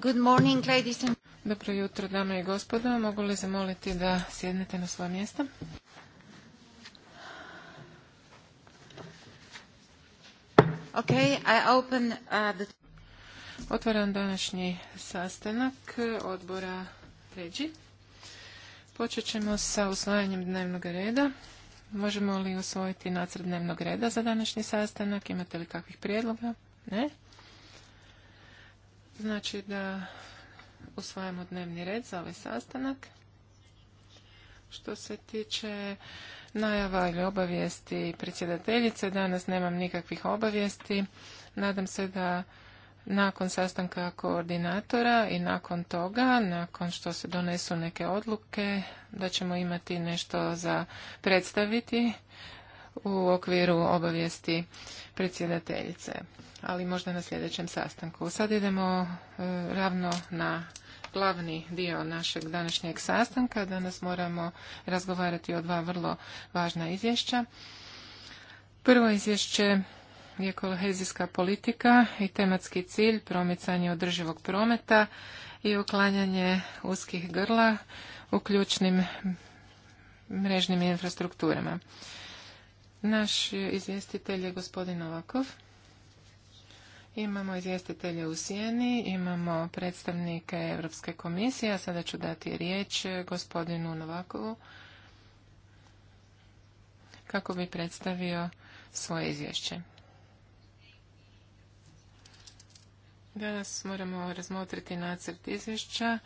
Good morning, Dobro jutro, dame i gospodo. Mogu li zamoliti da sjednete na svoje mjesta? Okay, open, uh, Otvaram današnji sastanak odbora Ređi. Počet ćemo sa usvajanjem dnevnog reda. Možemo li usvojiti nacrt dnevnog reda za današnji sastanak? Imate li kakvih prijedloga? Ne? Znači da usvajamo dnevni red za ovaj sastanak. Što se tiče najava ili obavijesti predsjedateljice, danas nemam nikakvih obavijesti. Nadam se da nakon sastanka koordinatora i nakon toga, nakon što se donesu neke odluke, da ćemo imati nešto za predstaviti u okviru obavijesti predsjedateljice, ali možda na sljedećem sastanku. Sad idemo e, ravno na glavni dio našeg današnjeg sastanka. Danas moramo razgovarati o dva vrlo važna izvješća. Prvo izvješće je kohezijska politika i tematski cilj promicanje održivog prometa i uklanjanje uskih grla u ključnim mrežnim infrastrukturama. Naš izvjestitelj je gospodin Novakov. Imamo izvjestitelje u Sijeni, imamo predstavnike Europske komisije, a sada ću dati riječ gospodinu Novakovu kako bi predstavio svoje izvješće. Danas moramo razmotriti nacrt izvješća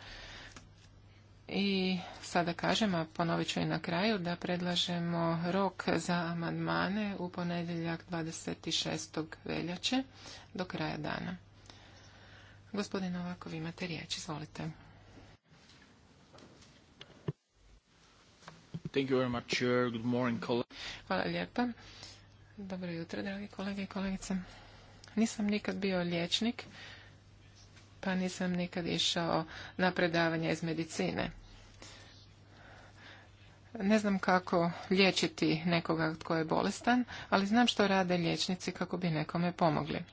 i sada kažem, a ponovit ću i na kraju, da predlažemo rok za amandmane u ponedjeljak 26. veljače do kraja dana. Gospodin Novakov, imate riječ, izvolite. Hvala lijepa. Dobro jutro, dragi kolege i kolegice. Nisam nikad bio liječnik, pa nisam nikad išao na predavanje iz medicine. Ne znam kako liječiti nekoga tko je bolestan, ali znam što rade liječnici kako bi nekome pomogli.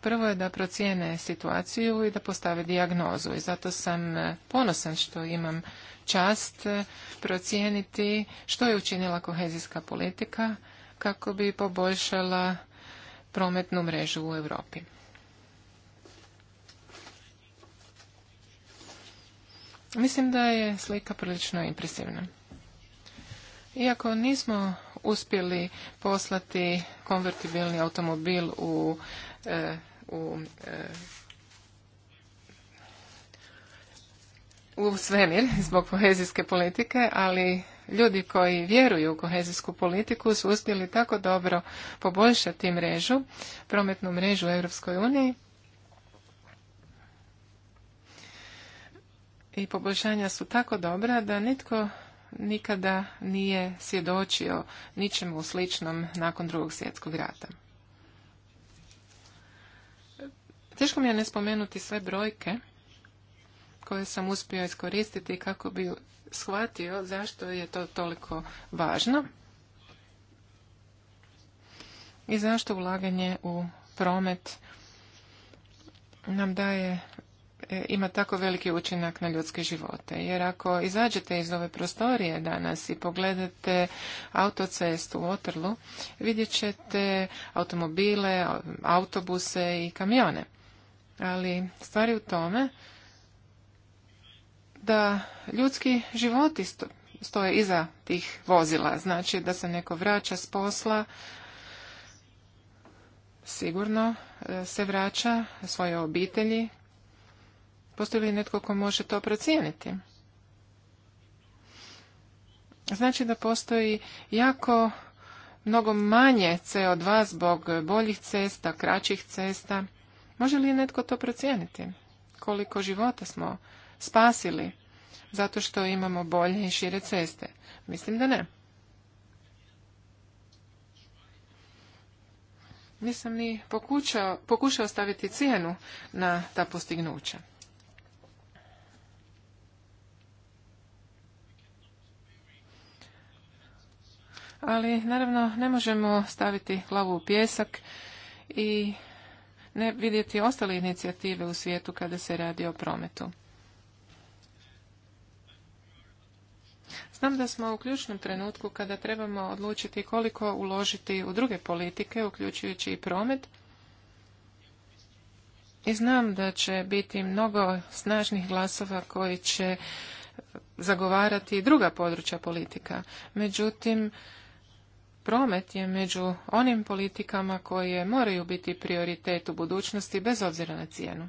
Prvo je da procijene situaciju i da postave dijagnozu i zato sam e, ponosan što imam čast e, procijeniti što je učinila kohezijska politika kako bi poboljšala prometnu mrežu u Europi. Mislim da je slika prilično impresivna. Iako nismo uspjeli poslati konvertibilni automobil u, e, u, e, u svemir zbog kohezijske politike, ali ljudi koji vjeruju u kohezijsku politiku su uspjeli tako dobro poboljšati mrežu, prometnu mrežu u Europskoj uniji i poboljšanja su tako dobra da nitko nikada nije svjedočio ničemu sličnom nakon drugog svjetskog rata. Teško mi je ne spomenuti sve brojke koje sam uspio iskoristiti kako bi shvatio zašto je to toliko važno i zašto ulaganje u promet nam daje E, ima tako veliki učinak na ljudske živote. Jer ako izađete iz ove prostorije danas i pogledate autocestu u Otrlu, vidjet ćete automobile, autobuse i kamione. Ali stvari u tome da ljudski životi stoje iza tih vozila. Znači da se neko vraća s posla, sigurno e, se vraća svoje obitelji Postoji li netko ko može to procijeniti? Znači da postoji jako mnogo manje CO2 zbog boljih cesta, kraćih cesta. Može li netko to procijeniti? Koliko života smo spasili zato što imamo bolje i šire ceste? Mislim da ne. Nisam ni pokušao, pokušao staviti cijenu na ta postignuća. ali naravno ne možemo staviti glavu u pjesak i ne vidjeti ostale inicijative u svijetu kada se radi o prometu. Znam da smo u ključnom trenutku kada trebamo odlučiti koliko uložiti u druge politike, uključujući i promet. I znam da će biti mnogo snažnih glasova koji će zagovarati druga područja politika. Međutim, Promet je među onim politikama koje moraju biti prioritet u budućnosti bez obzira na cijenu.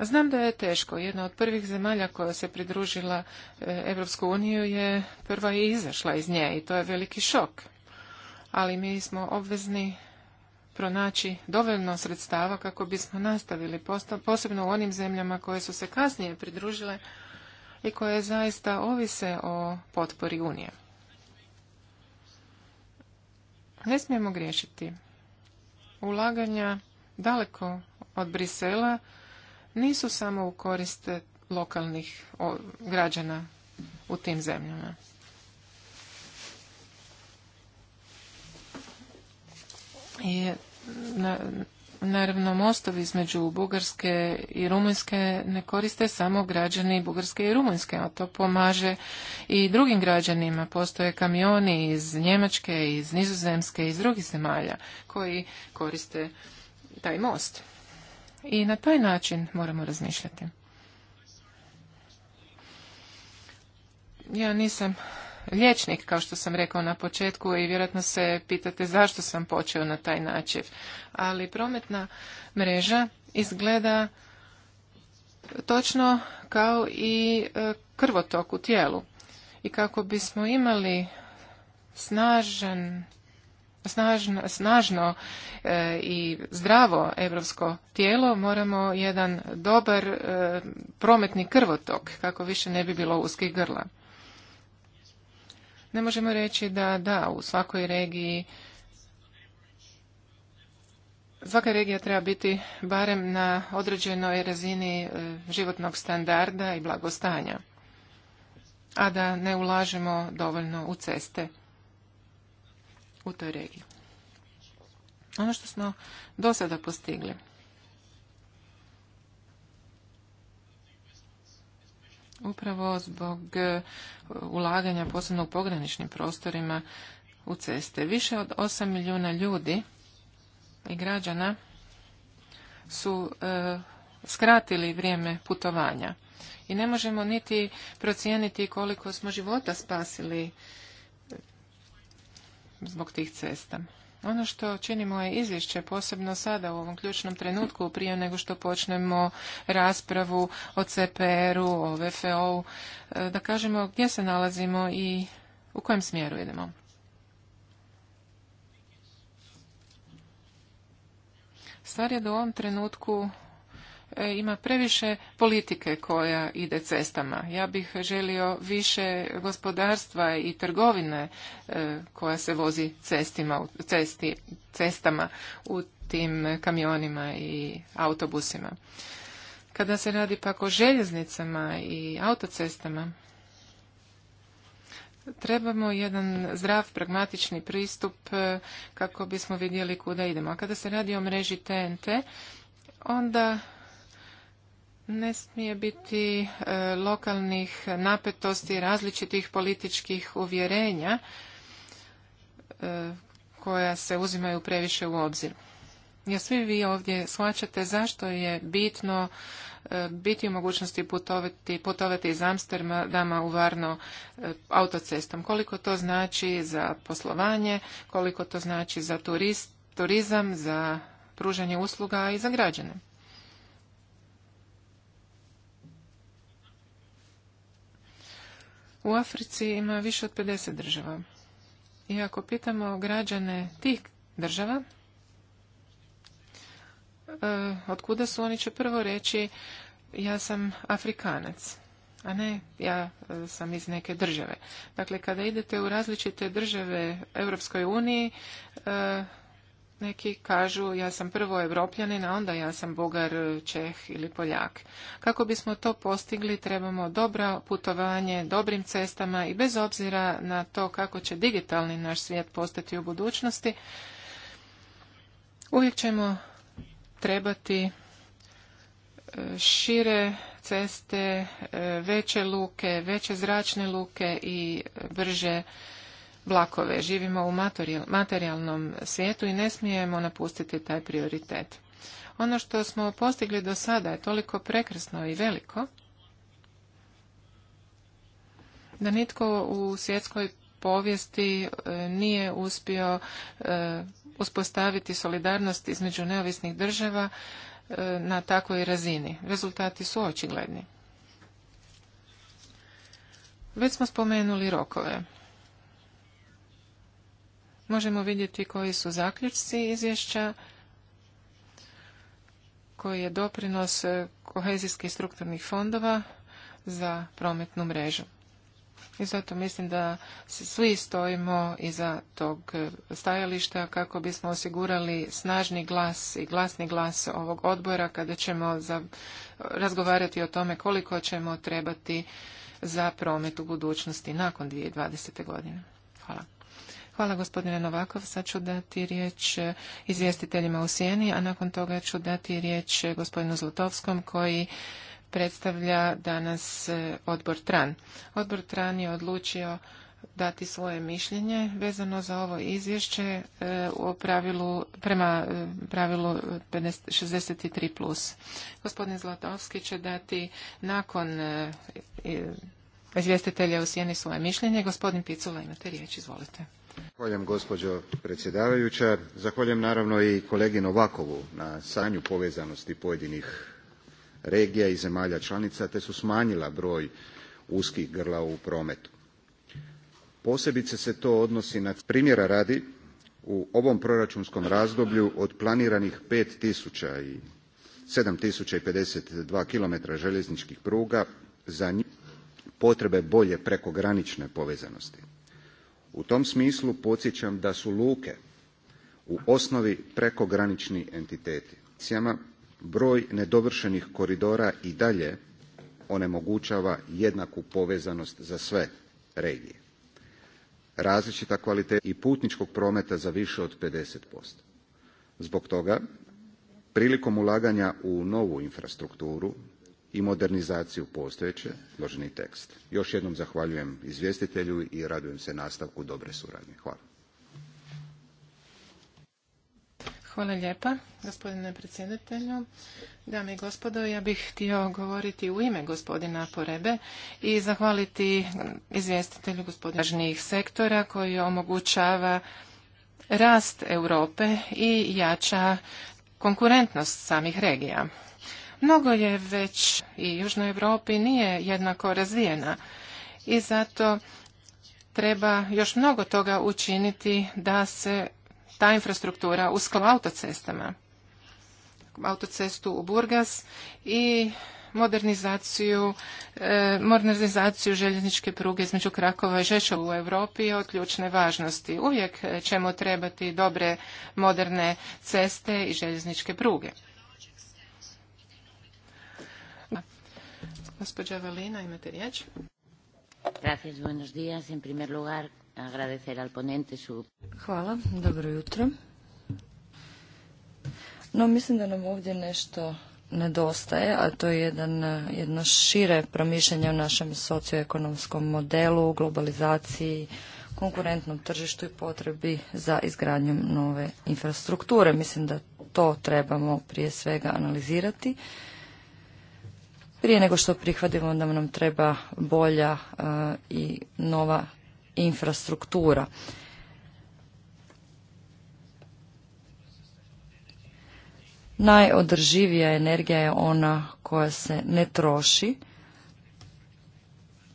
Znam da je teško. Jedna od prvih zemalja koja se pridružila e, Evropsku uniju je prva i izašla iz nje i to je veliki šok. Ali mi smo obvezni pronaći dovoljno sredstava kako bismo nastavili, posebno u onim zemljama koje su se kasnije pridružile i koje zaista ovise o potpori Unije. Ne smijemo griješiti. Ulaganja daleko od Brisela nisu samo u korist lokalnih građana u tim zemljama. I na, Naravno, mostovi između Bugarske i Rumunjske ne koriste samo građani Bugarske i Rumunjske, a to pomaže i drugim građanima. Postoje kamioni iz Njemačke, iz Nizozemske, iz drugih zemalja koji koriste taj most. I na taj način moramo razmišljati. Ja nisam liječnik, kao što sam rekao na početku i vjerojatno se pitate zašto sam počeo na taj način. Ali prometna mreža izgleda točno kao i e, krvotok u tijelu. I kako bismo imali snažan Snažno, e, i zdravo europsko tijelo moramo jedan dobar e, prometni krvotok kako više ne bi bilo uskih grla ne možemo reći da da, u svakoj regiji Svaka regija treba biti barem na određenoj razini e, životnog standarda i blagostanja, a da ne ulažemo dovoljno u ceste u toj regiji. Ono što smo do sada postigli upravo zbog e, ulaganja posebno u pograničnim prostorima u ceste. Više od 8 milijuna ljudi i građana su e, skratili vrijeme putovanja i ne možemo niti procijeniti koliko smo života spasili e, zbog tih cesta. Ono što čini moje izvješće, posebno sada u ovom ključnom trenutku, prije nego što počnemo raspravu o CPR-u, o VFO-u, e, da kažemo gdje se nalazimo i u kojem smjeru idemo. Stvar je da u ovom trenutku E, ima previše politike koja ide cestama. Ja bih želio više gospodarstva i trgovine e, koja se vozi cestima, cestama u tim kamionima i autobusima. Kada se radi pak o željeznicama i autocestama, trebamo jedan zdrav, pragmatični pristup e, kako bismo vidjeli kuda idemo. A kada se radi o mreži TNT, onda ne smije biti e, lokalnih napetosti različitih političkih uvjerenja e, koja se uzimaju previše u obzir. Jer svi vi ovdje shvaćate zašto je bitno e, biti u mogućnosti putovati, putovati iz Amsterdama u Varno autocestom. Koliko to znači za poslovanje, koliko to znači za turizam, za pružanje usluga i za građane. U Africi ima više od 50 država. I ako pitamo građane tih država, e, od kuda su, oni će prvo reći ja sam Afrikanac, a ne ja e, sam iz neke države. Dakle, kada idete u različite države Europskoj uniji, e, neki kažu ja sam prvo evropljanin, a onda ja sam bugar, čeh ili poljak. Kako bismo to postigli, trebamo dobro putovanje, dobrim cestama i bez obzira na to kako će digitalni naš svijet postati u budućnosti, uvijek ćemo trebati e, šire ceste, e, veće luke, veće zračne luke i e, brže vlakove. Živimo u materijalnom svijetu i ne smijemo napustiti taj prioritet. Ono što smo postigli do sada je toliko prekrasno i veliko da nitko u svjetskoj povijesti e, nije uspio e, uspostaviti solidarnost između neovisnih država e, na takvoj razini. Rezultati su očigledni. Već smo spomenuli rokove možemo vidjeti koji su zaključci izvješća, koji je doprinos e, kohezijskih strukturnih fondova za prometnu mrežu. I zato mislim da svi stojimo iza tog e, stajališta kako bismo osigurali snažni glas i glasni glas ovog odbora kada ćemo za, razgovarati o tome koliko ćemo trebati za promet u budućnosti nakon 2020. godine. Hvala. Hvala gospodine Novakov. Sad ću dati riječ eh, izvjestiteljima u sjeni, a nakon toga ću dati riječ eh, gospodinu Zlotovskom koji predstavlja danas eh, odbor TRAN. Odbor TRAN je odlučio dati svoje mišljenje vezano za ovo izvješće u pravilu, prema pravilu 63+. Gospodin Zlatovski će dati nakon izvjestitelja u sjeni svoje mišljenje. Gospodin Picula, imate riječ, izvolite. Zahvaljujem gospođo predsjedavajuća. Zahvaljujem naravno i kolegi Novakovu na sanju povezanosti pojedinih regija i zemalja članica te su smanjila broj uskih grla u prometu. Posebice se to odnosi na primjera radi u ovom proračunskom razdoblju od planiranih pet i sedam tisuća i pedeset kilometra željezničkih pruga za potrebe bolje prekogranične povezanosti u tom smislu podsjećam da su luke u osnovi prekogranični entiteti broj nedovršenih koridora i dalje onemogućava jednaku povezanost za sve regije različita kvaliteta i putničkog prometa za više od 50%. Zbog toga, prilikom ulaganja u novu infrastrukturu, i modernizaciju postojeće loženi tekst. Još jednom zahvaljujem izvjestitelju i radujem se nastavku dobre suradnje. Hvala. Hvala lijepa, gospodine predsjedatelju. Dame i gospodo, ja bih htio govoriti u ime gospodina Porebe i zahvaliti izvjestitelju gospodina važnijih sektora koji omogućava rast Europe i jača konkurentnost samih regija. Mnogo je već i Južnoj Europi nije jednako razvijena i zato treba još mnogo toga učiniti da se ta infrastruktura uskla autocestama. Autocestu u Burgas i modernizaciju, e, modernizaciju željezničke pruge između Krakova i Žešova u Europi je od ključne važnosti. Uvijek ćemo trebati dobre moderne ceste i željezničke pruge. Gospođa Valina, imate riječ. Gracias, buenos días. En primer lugar, agradecer su... Hvala, dobro jutro. No, mislim da nam ovdje nešto nedostaje, a to je jedan, jedno šire promišljanje o našem socioekonomskom modelu, globalizaciji, konkurentnom tržištu i potrebi za izgradnjom nove infrastrukture. Mislim da to trebamo prije svega analizirati prije nego što prihvatimo da nam treba bolja e, i nova infrastruktura. Najodrživija energija je ona koja se ne troši,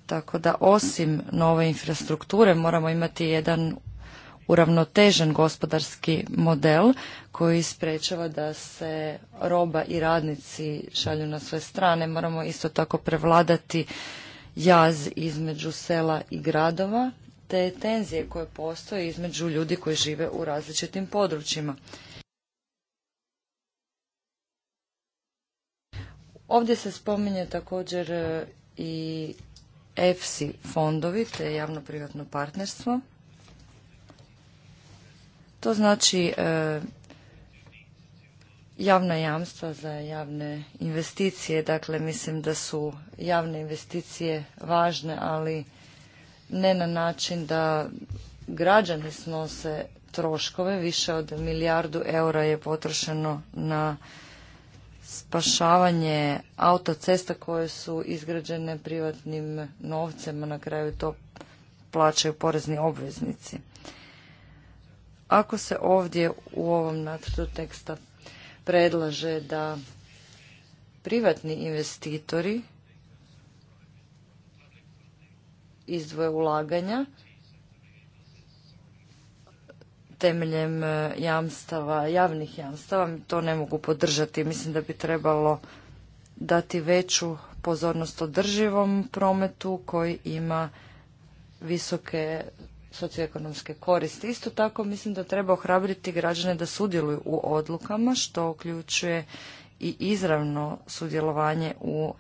tako da osim nove infrastrukture moramo imati jedan uravnotežen gospodarski model koji sprečava da se roba i radnici šalju na sve strane. Moramo isto tako prevladati jaz između sela i gradova, te tenzije koje postoje između ljudi koji žive u različitim područjima. Ovdje se spominje također e, i EFSI fondovi, te javno-privatno partnerstvo. To znači e, javna jamstva za javne investicije. Dakle, mislim da su javne investicije važne, ali ne na način da građani snose troškove. Više od milijardu eura je potrošeno na spašavanje autocesta koje su izgrađene privatnim novcem, a na kraju to plaćaju porezni obveznici. Ako se ovdje u ovom nacrtu teksta predlaže da privatni investitori izdvoje ulaganja temeljem e, jamstava, javnih jamstava, to ne mogu podržati. Mislim da bi trebalo dati veću pozornost održivom prometu koji ima visoke socioekonomske koristi. Isto tako mislim da treba ohrabriti građane da sudjeluju u odlukama što uključuje i izravno sudjelovanje u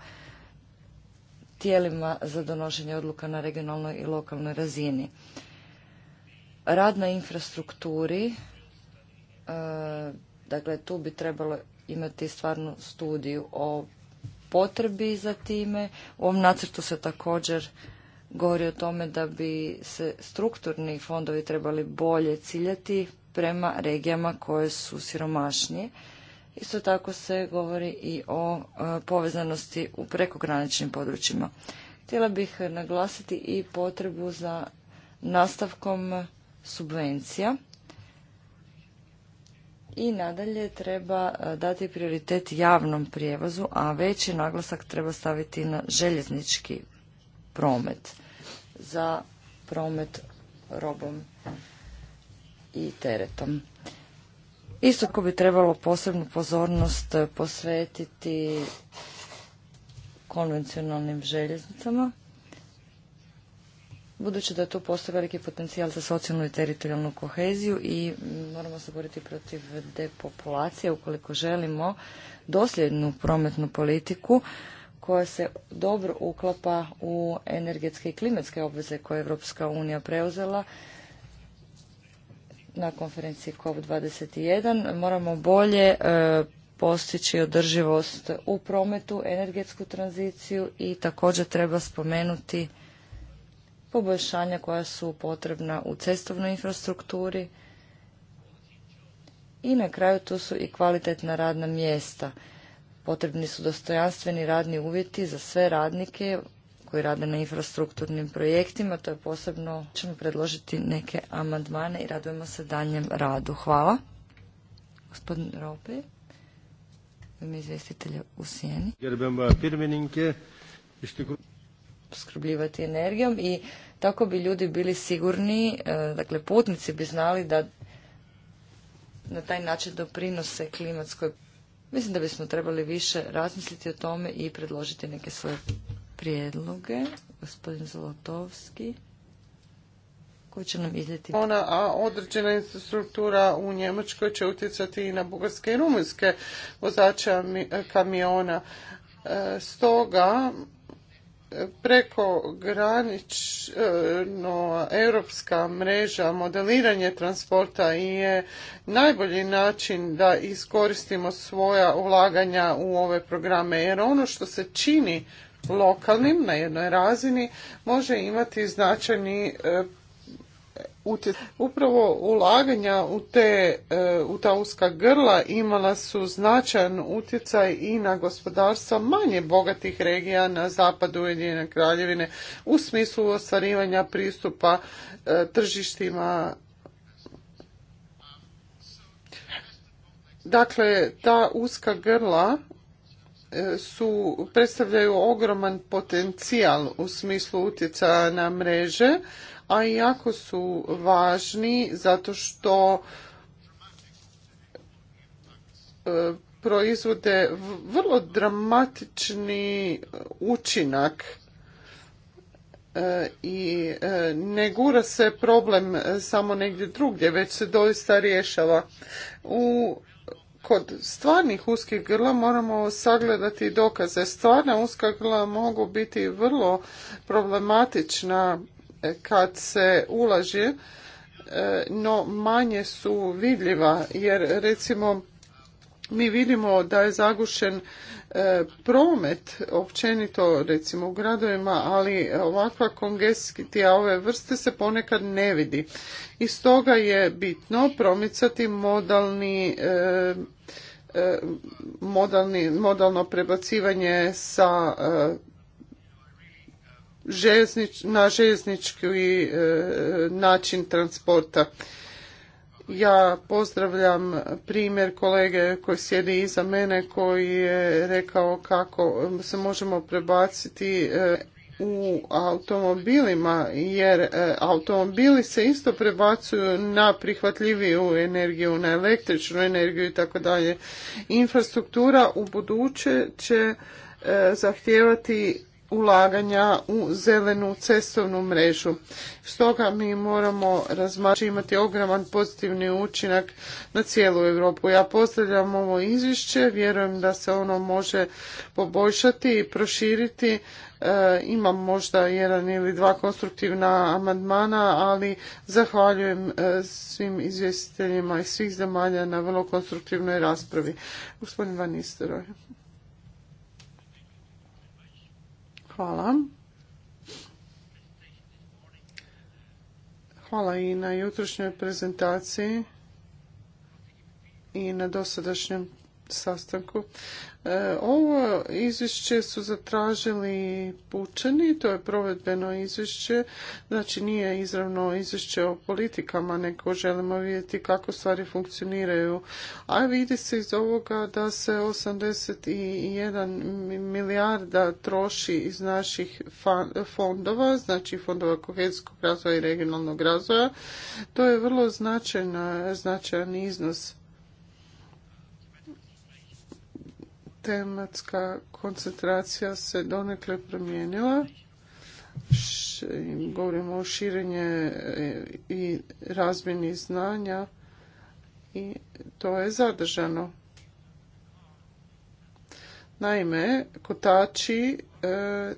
tijelima za donošenje odluka na regionalnoj i lokalnoj razini. Rad na infrastrukturi, e, dakle tu bi trebalo imati stvarnu studiju o potrebi za time. U ovom nacrtu se također govori o tome da bi se strukturni fondovi trebali bolje ciljati prema regijama koje su siromašnije. Isto tako se govori i o e, povezanosti u prekograničnim područjima. Htjela bih naglasiti i potrebu za nastavkom subvencija i nadalje treba e, dati prioritet javnom prijevozu, a veći naglasak treba staviti na željeznički promet za promet robom i teretom. Isto bi trebalo posebnu pozornost posvetiti konvencionalnim željeznicama, budući da tu postoji veliki potencijal za socijalnu i teritorijalnu koheziju i moramo se boriti protiv depopulacije ukoliko želimo dosljednu prometnu politiku koja se dobro uklapa u energetske i klimatske obveze koje je Europska unija preuzela na konferenciji COP21. Moramo bolje e, postići održivost u prometu, energetsku tranziciju i također treba spomenuti poboljšanja koja su potrebna u cestovnoj infrastrukturi i na kraju tu su i kvalitetna radna mjesta Potrebni su dostojanstveni radni uvjeti za sve radnike koji rade na infrastrukturnim projektima. To je posebno, ćemo predložiti neke amandmane i radujemo se danjem radu. Hvala. Gospodin Rope, u Sijeni. Skrbljivati energijom i tako bi ljudi bili sigurni, e, dakle putnici bi znali da na taj način doprinose klimatskoj Mislim da bismo trebali više razmisliti o tome i predložiti neke svoje prijedloge. Gospodin Zolotovski koji će nam izljeti Ona, a određena infrastruktura u Njemačkoj će utjecati i na bugarske i rumunjske vozače kamiona. E, stoga preko granično eh, europska mreža modeliranje transporta je najbolji način da iskoristimo svoja ulaganja u ove programe jer ono što se čini lokalnim na jednoj razini može imati značajni eh, utjecaj. Upravo ulaganja u, te, e, u ta uska grla imala su značajan utjecaj i na gospodarstva manje bogatih regija na zapadu Ujedinjene kraljevine u smislu ostvarivanja pristupa e, tržištima Dakle, ta uska grla e, su, predstavljaju ogroman potencijal u smislu utjecaja na mreže a jako su važni zato što e, proizvode vrlo dramatični učinak e, i e, ne gura se problem samo negdje drugdje, već se doista rješava. U, kod stvarnih uskih grla moramo sagledati dokaze. Stvarna uska grla mogu biti vrlo problematična kad se ulaže, e, no manje su vidljiva jer recimo mi vidimo da je zagušen e, promet općenito recimo u gradovima, ali ovakva kongestija ove vrste se ponekad ne vidi. I stoga je bitno promicati modalni e, modalno prebacivanje sa željeznič, na željeznički e, način transporta. Ja pozdravljam primjer kolege koji sjedi iza mene koji je rekao kako se možemo prebaciti e, u automobilima jer e, automobili se isto prebacuju na prihvatljiviju energiju, na električnu energiju i tako dalje. Infrastruktura u buduće će zahtijevati ulaganja u zelenu cestovnu mrežu. Stoga mi moramo razmačiti imati ogroman pozitivni učinak na cijelu Europu. Ja postavljam ovo izvješće, vjerujem da se ono može poboljšati i proširiti. E, imam možda jedan ili dva konstruktivna amandmana, ali zahvaljujem e, svim izvjestiteljima i svih zemalja na vrlo konstruktivnoj raspravi. Gospodin Van Isteroj. Hvala. Hvala i na jutrošnjoj prezentaciji i na dosadašnjem sastanku. E, ovo izvješće su zatražili pučani, to je provedbeno izvješće, znači nije izravno izvješće o politikama, nego želimo vidjeti kako stvari funkcioniraju. A vidi se iz ovoga da se 81 milijarda troši iz naših fondova, znači fondova kohezijskog razvoja i regionalnog razvoja. To je vrlo značajan, značajan iznos tematska koncentracija se donekle promijenila. Govorimo o širenje e, i razmjeni znanja i to je zadržano. Naime, kotači e,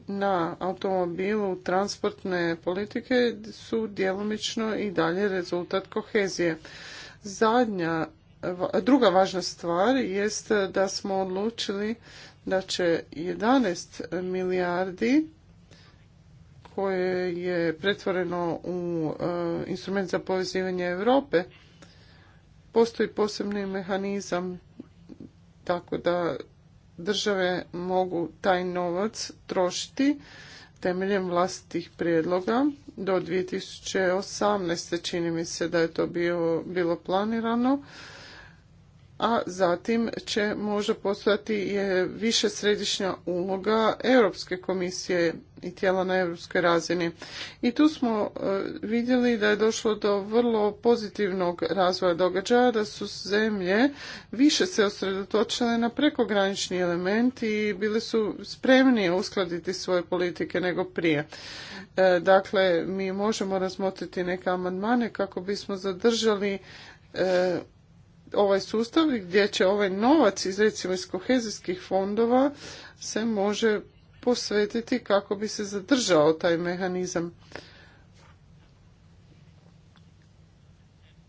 na automobilu transportne politike su djelomično i dalje rezultat kohezije. Zadnja druga važna stvar jest da smo odlučili da će 11 milijardi koje je pretvoreno u e, instrument za povezivanje Europe postoji posebni mehanizam tako da države mogu taj novac trošiti temeljem vlastitih prijedloga do 2018. čini mi se da je to bilo planirano a zatim će možda je više središnja uloga Europske komisije i tijela na europskoj razini. I tu smo e, vidjeli da je došlo do vrlo pozitivnog razvoja događaja, da su zemlje više se osredotočile na prekogranični element i bile su spremnije uskladiti svoje politike nego prije. E, dakle, mi možemo razmotriti neke amandmane kako bismo zadržali e, ovaj sustav gdje će ovaj novac iz recimo iz kohezijskih fondova se može posvetiti kako bi se zadržao taj mehanizam.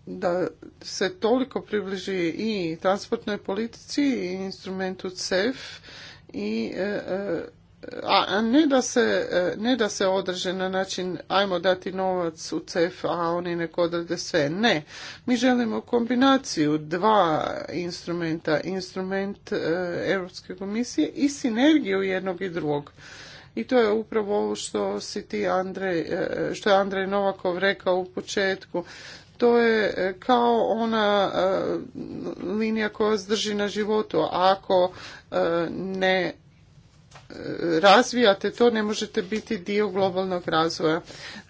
Da se toliko približi i transportnoj politici i instrumentu CEF i e, e, a ne da se, e, ne da se održe na način ajmo dati novac u CEF, a oni nek odrade sve. Ne. Mi želimo kombinaciju dva instrumenta, instrument e, Europske komisije i sinergiju jednog i drugog. I to je upravo ovo što si ti Andrej, e, što je Andrej Novakov rekao u početku. To je kao ona linija koja zdrži na životu. Ako ne razvijate to, ne možete biti dio globalnog razvoja.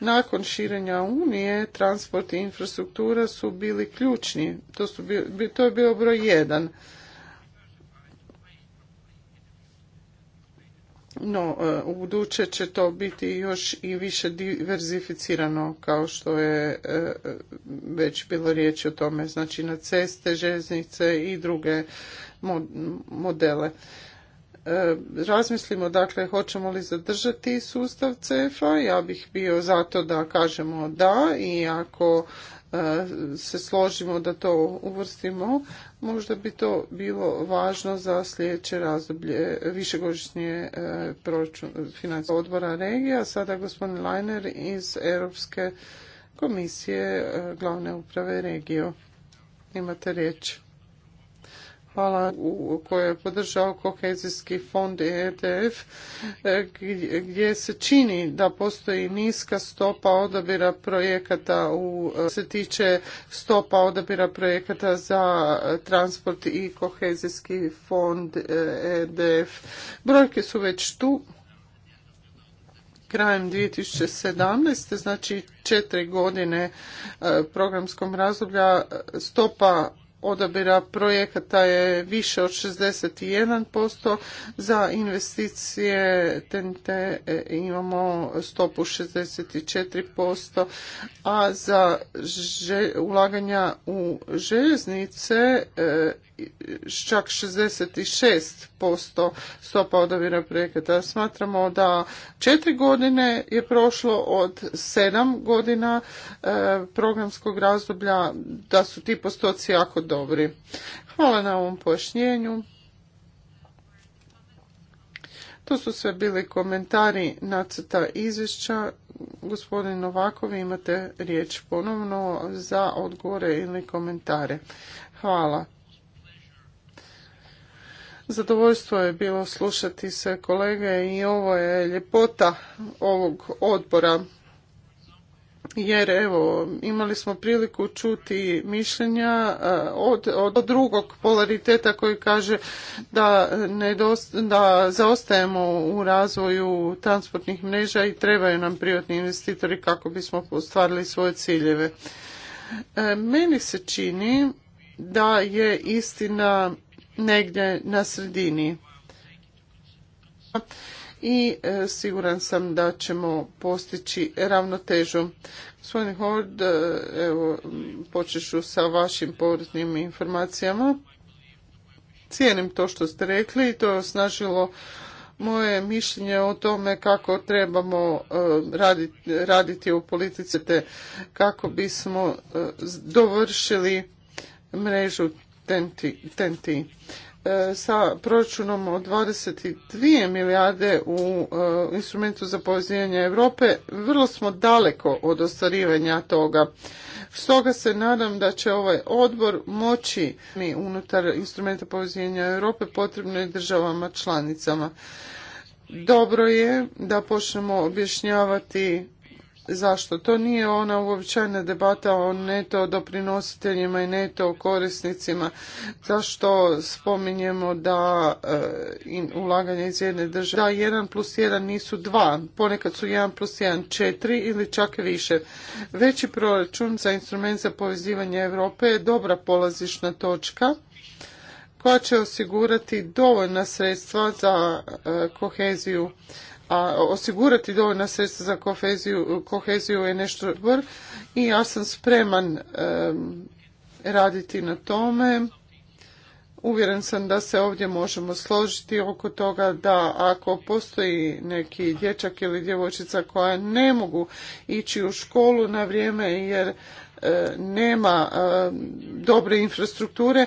Nakon širenja Unije, transport i infrastruktura su bili ključni. To, su to je bio broj jedan. No, eh, u buduće će to biti još i više diverzificirano kao što je eh, već bilo riječ o tome, znači na ceste, željeznice i druge modele. E, razmislimo dakle hoćemo li zadržati sustav CEFA. Ja bih bio zato da kažemo da i ako e, se složimo da to uvrstimo, možda bi to bilo važno za sljedeće razdoblje višegodišnje e, proračun financijskog odbora regija. Sada gospodin Lajner iz Europske komisije glavne uprave regije Imate riječ. Hvala koje je podržao kohezijski fond EDF e, gdje se čini da postoji niska stopa odabira projekata u e, se tiče stopa odabira projekata za transport i kohezijski fond EDF. E Brojke su već tu krajem 2017. znači četiri godine programskom razdoblja stopa odabira projekata je više od 61%, za investicije TNT e, imamo stopu 64%, a za ulaganja u željeznice e, čak 66% stopa odabira projekata. Smatramo da četiri godine je prošlo od sedam godina e, programskog razdoblja da su ti postoci jako dobri. Hvala na ovom pojašnjenju. To su sve bili komentari nacrta izvješća. Gospodin Novakov, imate riječ ponovno za odgovore ili komentare. Hvala. Zadovoljstvo je bilo slušati se kolege i ovo je ljepota ovog odbora. Jer evo, imali smo priliku čuti mišljenja e, od, drugog polariteta koji kaže da, da zaostajemo u razvoju transportnih mreža i trebaju nam privatni investitori kako bismo ostvarili svoje ciljeve. E, meni se čini da je istina negdje na sredini. I e, siguran sam da ćemo postići ravnotežu. Gospodin Hord, e, evo, počešu sa vašim povratnim informacijama. Cijenim to što ste rekli i to je osnažilo moje mišljenje o tome kako trebamo e, raditi, raditi u politici te kako bismo dovršili mrežu TNT e, sa proračunom od 22 milijarde u e, instrumentu za povezivanje Europe, vrlo smo daleko od ostvarivanja toga. Stoga se nadam da će ovaj odbor moći mi unutar instrumenta povezivanja Europe potrebno je državama članicama. Dobro je da počnemo objašnjavati Zašto? To nije ona uobičajena debata o neto doprinositeljima i neto korisnicima. Zašto spominjemo da e, ulaganje iz jedne države, da 1 plus 1 nisu 2, ponekad su 1 plus 1 4 ili čak više. Veći proračun za instrument za povezivanje Europe je dobra polazišna točka koja će osigurati dovoljna sredstva za e, koheziju a osigurati dovoljna sredstva za koheziju, koheziju je nešto dobro i ja sam spreman raditi na tome. Uvjeren sam da se ovdje možemo složiti oko toga da ako postoji neki dječak ili djevojčica koja ne mogu ići u školu na vrijeme jer E, nema e, dobre infrastrukture, e,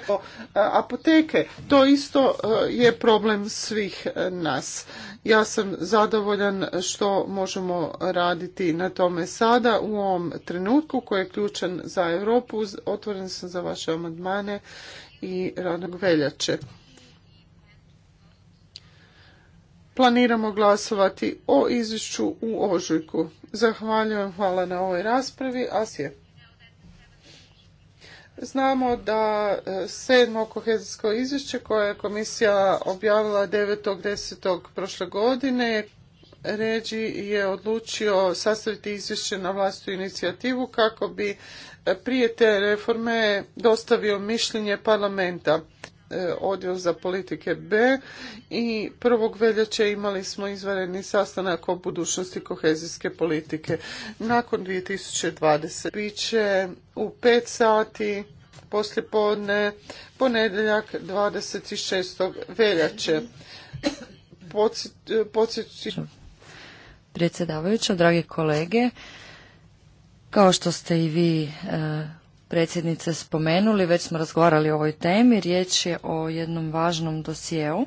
apoteke. To isto je problem svih nas. Ja sam zadovoljan što možemo raditi na tome sada u ovom trenutku koji je ključan za Europu. Otvoren sam za vaše amandmane i radnog veljače. Planiramo glasovati o izvješću u ožujku. Zahvaljujem, hvala na ovoj raspravi, a Znamo da e, sedmo kohezijsko izvješće koje je komisija objavila 9.10. prošle godine Ređi je odlučio sastaviti izvješće na vlastu inicijativu kako bi e, prije te reforme dostavio mišljenje parlamenta. E, odjel za politike B i 1. veljače imali smo izvareni sastanak o budućnosti kohezijske politike. Nakon 2020 bit će u 5 sati poslje podne ponedeljak 26. veljače. Podsjećam. Predsjedavajuća, dragi kolege, kao što ste i vi e, predsjednice spomenuli, već smo razgovarali o ovoj temi, riječ je o jednom važnom dosjeu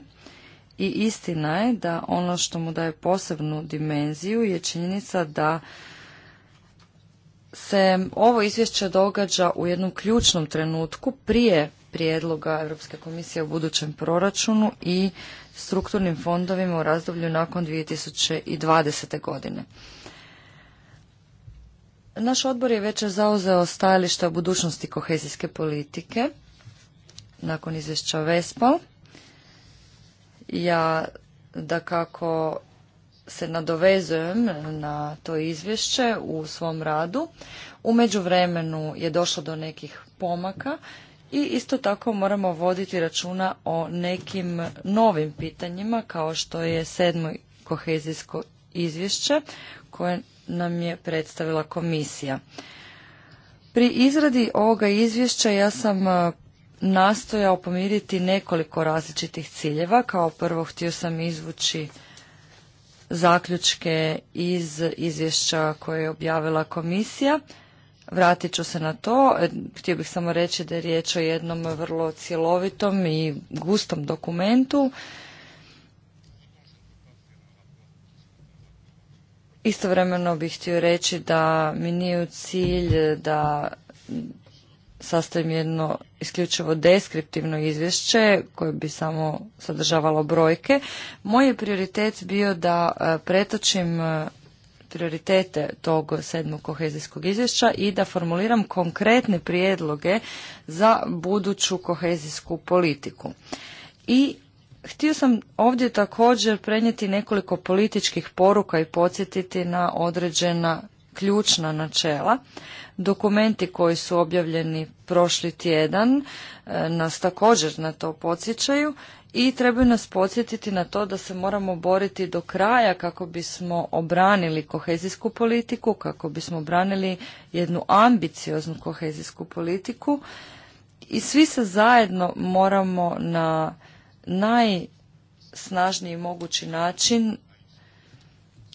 i istina je da ono što mu daje posebnu dimenziju je činjenica da se ovo izvješće događa u jednom ključnom trenutku prije prijedloga Europske komisije o budućem proračunu i strukturnim fondovima u razdoblju nakon 2020. godine. Naš odbor je već zauzeo stajalište o budućnosti kohezijske politike nakon izvješća Vespal. Ja da kako se nadovezujem na to izvješće u svom radu. U međuvremenu je došlo do nekih pomaka i isto tako moramo voditi računa o nekim novim pitanjima kao što je sedmo kohezijsko izvješće koje nam je predstavila komisija. Pri izradi ovoga izvješća ja sam e, nastojao pomiriti nekoliko različitih ciljeva. Kao prvo htio sam izvući zaključke iz izvješća koje je objavila komisija. Vratit ću se na to. E, htio bih samo reći da je riječ o jednom vrlo cjelovitom i gustom dokumentu Istovremeno bih htio reći da mi nije u cilj da sastavim jedno isključivo deskriptivno izvješće koje bi samo sadržavalo brojke. Moj je prioritet bio da e, pretočim e, prioritete tog sedmog kohezijskog izvješća i da formuliram konkretne prijedloge za buduću kohezijsku politiku. I Htio sam ovdje također prenijeti nekoliko političkih poruka i podsjetiti na određena ključna načela. Dokumenti koji su objavljeni prošli tjedan e, nas također na to podsjećaju i trebaju nas podsjetiti na to da se moramo boriti do kraja kako bismo obranili kohezijsku politiku, kako bismo obranili jednu ambicioznu kohezijsku politiku i svi se zajedno moramo na najsnažniji mogući način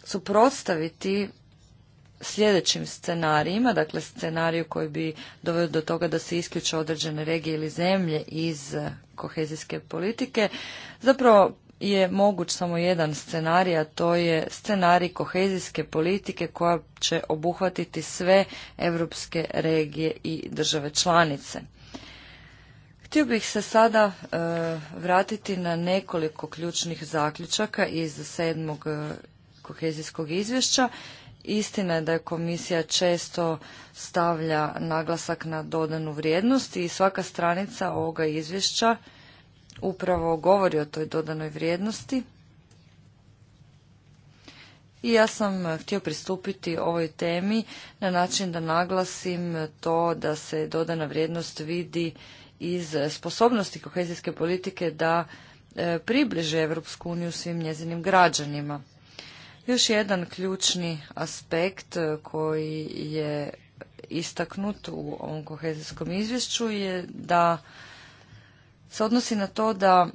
suprotstaviti sljedećim scenarijima, dakle scenariju koji bi doveo do toga da se isključe određene regije ili zemlje iz kohezijske politike, zapravo je moguć samo jedan scenarij, a to je scenarij kohezijske politike koja će obuhvatiti sve europske regije i države članice. Htio bih se sada e, vratiti na nekoliko ključnih zaključaka iz sedmog e, kohezijskog izvješća. Istina je da je komisija često stavlja naglasak na dodanu vrijednost i svaka stranica ovoga izvješća upravo govori o toj dodanoj vrijednosti. I ja sam htio pristupiti ovoj temi na način da naglasim to da se dodana vrijednost vidi iz eh, sposobnosti kohezijske politike da eh, približe Europsku uniju svim njezinim građanima. Još jedan ključni aspekt eh, koji je istaknut u ovom kohezijskom izvješću je da se odnosi na to da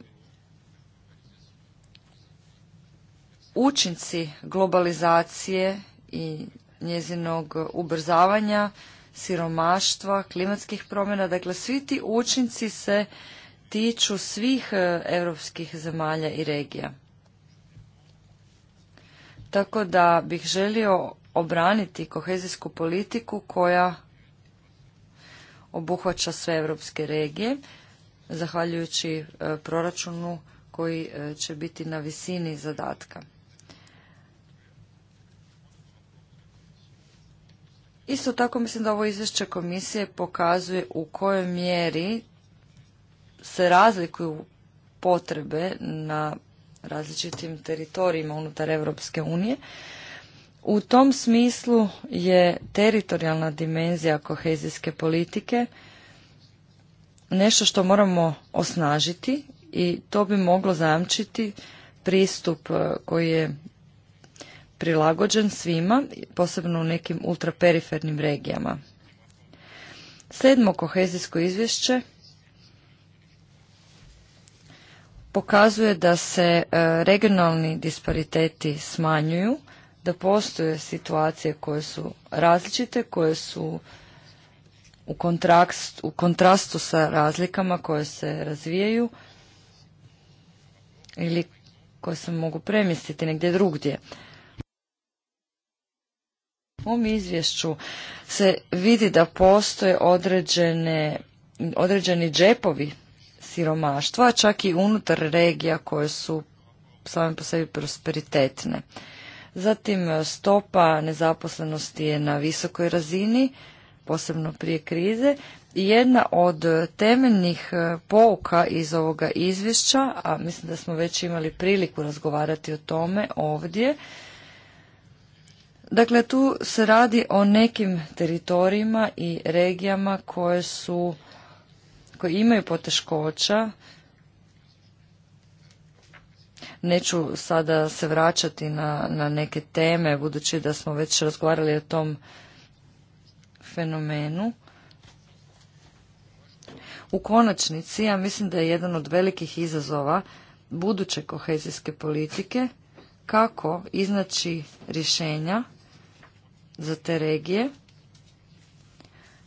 učinci globalizacije i njezinog ubrzavanja siromaštva, klimatskih promjena. Dakle, svi ti učinci se tiču svih e, europskih zemalja i regija. Tako da bih želio obraniti kohezijsku politiku koja obuhvaća sve europske regije, zahvaljujući e, proračunu koji e, će biti na visini zadatka. Isto tako mislim da ovo izvješće komisije pokazuje u kojoj mjeri se razlikuju potrebe na različitim teritorijima unutar Europske unije. U tom smislu je teritorijalna dimenzija kohezijske politike nešto što moramo osnažiti i to bi moglo zajamčiti pristup eh, koji je prilagođen svima, posebno u nekim ultraperifernim regijama. Sedmo kohezijsko izvješće pokazuje da se e, regionalni dispariteti smanjuju, da postoje situacije koje su različite, koje su u, u kontrastu sa razlikama koje se razvijaju ili koje se mogu premjestiti negdje drugdje. U ovom izvješću se vidi da postoje određene, određeni džepovi siromaštva, čak i unutar regija koje su same po sebi prosperitetne. Zatim stopa nezaposlenosti je na visokoj razini, posebno prije krize. I jedna od temeljnih e, pouka iz ovoga izvješća, a mislim da smo već imali priliku razgovarati o tome ovdje, Dakle, tu se radi o nekim teritorijima i regijama koje su, koje imaju poteškoća. Neću sada se vraćati na, na neke teme, budući da smo već razgovarali o tom fenomenu. U konačnici, ja mislim da je jedan od velikih izazova buduće kohezijske politike kako iznaći rješenja za te regije.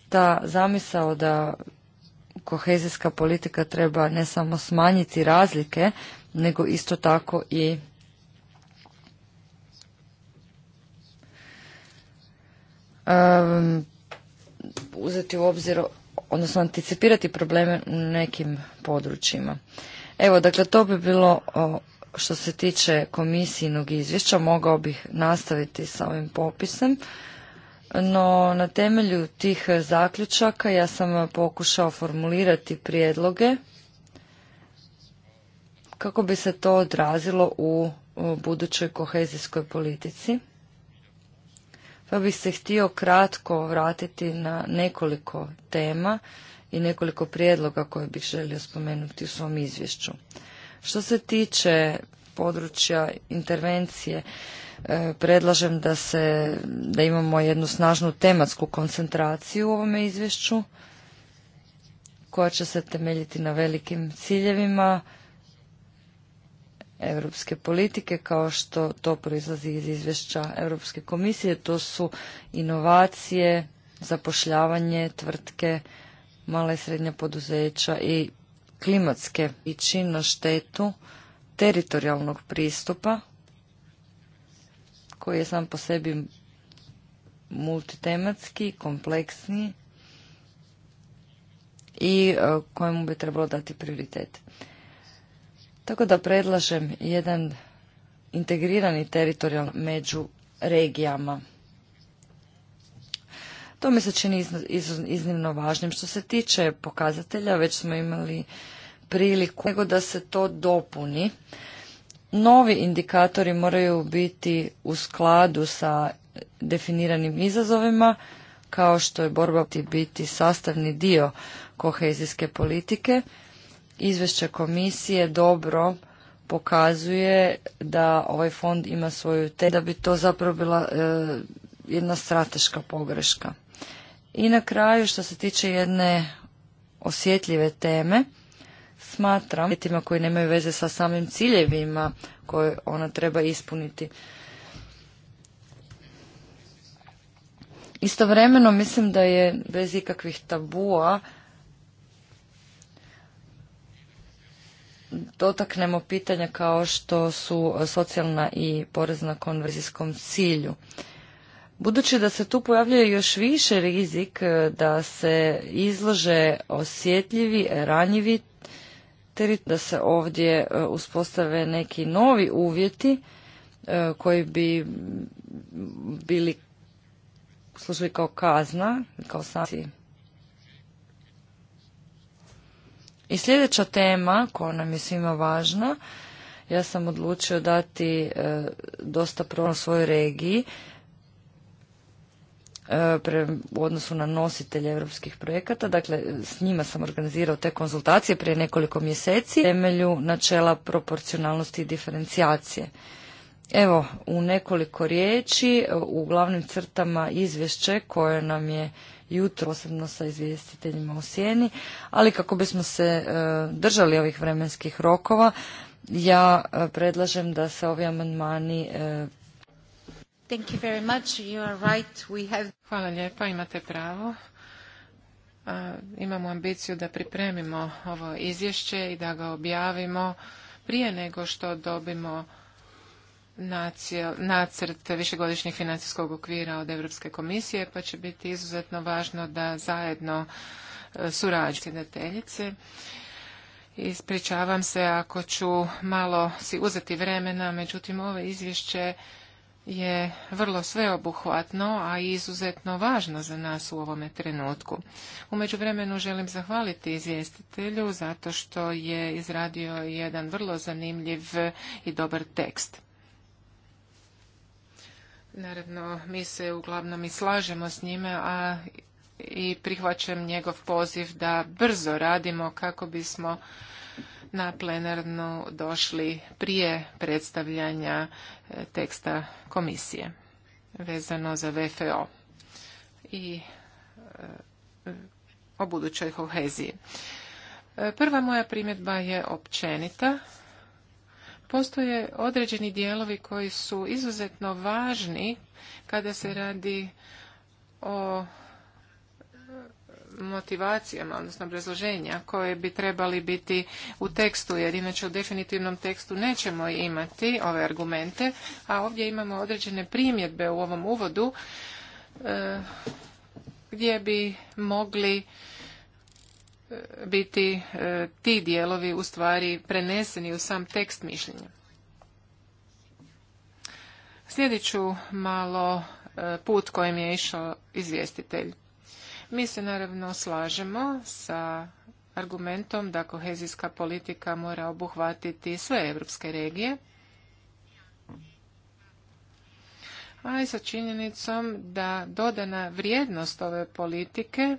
Ta zamisao da kohezijska politika treba ne samo smanjiti razlike, nego isto tako i um, uzeti u obzir, odnosno anticipirati probleme u nekim područjima. Evo, dakle, to bi bilo što se tiče komisijinog izvješća mogao bih nastaviti sa ovim popisem, no na temelju tih zaključaka ja sam pokušao formulirati prijedloge kako bi se to odrazilo u budućoj kohezijskoj politici. Pa bih se htio kratko vratiti na nekoliko tema i nekoliko prijedloga koje bih želio spomenuti u svom izvješću. Što se tiče područja intervencije, e, predlažem da se, da imamo jednu snažnu tematsku koncentraciju u ovome izvješću koja će se temeljiti na velikim ciljevima europske politike kao što to proizlazi iz izvješća Europske komisije. To su inovacije, zapošljavanje, tvrtke, mala i srednja poduzeća i klimatske ići na štetu teritorijalnog pristupa koji je sam po sebi multitematski, kompleksni i e, kojemu bi trebalo dati prioritet. Tako da predlažem jedan integrirani teritorijal među regijama. To mi se čini iznimno važnim. Što se tiče pokazatelja, već smo imali priliku nego da se to dopuni. Novi indikatori moraju biti u skladu sa definiranim izazovima, kao što je borba biti sastavni dio kohezijske politike. Izvješće komisije dobro pokazuje da ovaj fond ima svoju te, da bi to zapravo bila e, jedna strateška pogreška. I na kraju, što se tiče jedne osjetljive teme, smatram tima koji nemaju veze sa samim ciljevima koje ona treba ispuniti. Istovremeno mislim da je bez ikakvih tabua dotaknemo pitanja kao što su socijalna i porezna konverzijskom cilju. Budući da se tu pojavljuje još više rizik e, da se izlože osjetljivi, ranjivi da se ovdje e, uspostave neki novi uvjeti e, koji bi bili služili kao kazna, kao sanci. I sljedeća tema koja nam je svima važna, ja sam odlučio dati dosta prvo svojoj regiji, E, u odnosu na nositelje europskih projekata. Dakle, s njima sam organizirao te konzultacije prije nekoliko mjeseci temelju načela proporcionalnosti i diferencijacije. Evo, u nekoliko riječi, e, u glavnim crtama izvješće koje nam je jutro, posebno sa izvjestiteljima u sjeni, ali kako bismo se e, držali ovih vremenskih rokova, ja predlažem da se ovi amandmani Thank Hvala lijepa, imate pravo. Imamo ambiciju da pripremimo ovo izvješće i da ga objavimo prije nego što dobimo nacrt višegodišnjeg financijskog okvira od Europske komisije, pa će biti izuzetno važno da zajedno e, surađujete. Ispričavam se ako ću malo si uzeti vremena, međutim ovo izvješće je vrlo sveobuhvatno, a i izuzetno važno za nas u ovome trenutku. U međuvremenu želim zahvaliti izvjestitelju zato što je izradio jedan vrlo zanimljiv i dobar tekst. Naravno, mi se uglavnom i slažemo s njime, a i prihvaćam njegov poziv da brzo radimo kako bismo na plenarnu došli prije predstavljanja e, teksta komisije vezano za VFO i e, o budućoj koheziji. E, prva moja primjedba je općenita. Postoje određeni dijelovi koji su izuzetno važni kada se radi o motivacijama, odnosno obrazloženja koje bi trebali biti u tekstu, jer inače u definitivnom tekstu nećemo imati ove argumente, a ovdje imamo određene primjedbe u ovom uvodu e, gdje bi mogli e, biti e, ti dijelovi u stvari preneseni u sam tekst mišljenja. Sljedeću malo put kojim je išao izvjestitelj. Mi se naravno slažemo sa argumentom da kohezijska politika mora obuhvatiti sve europske regije, a i sa činjenicom da dodana vrijednost ove politike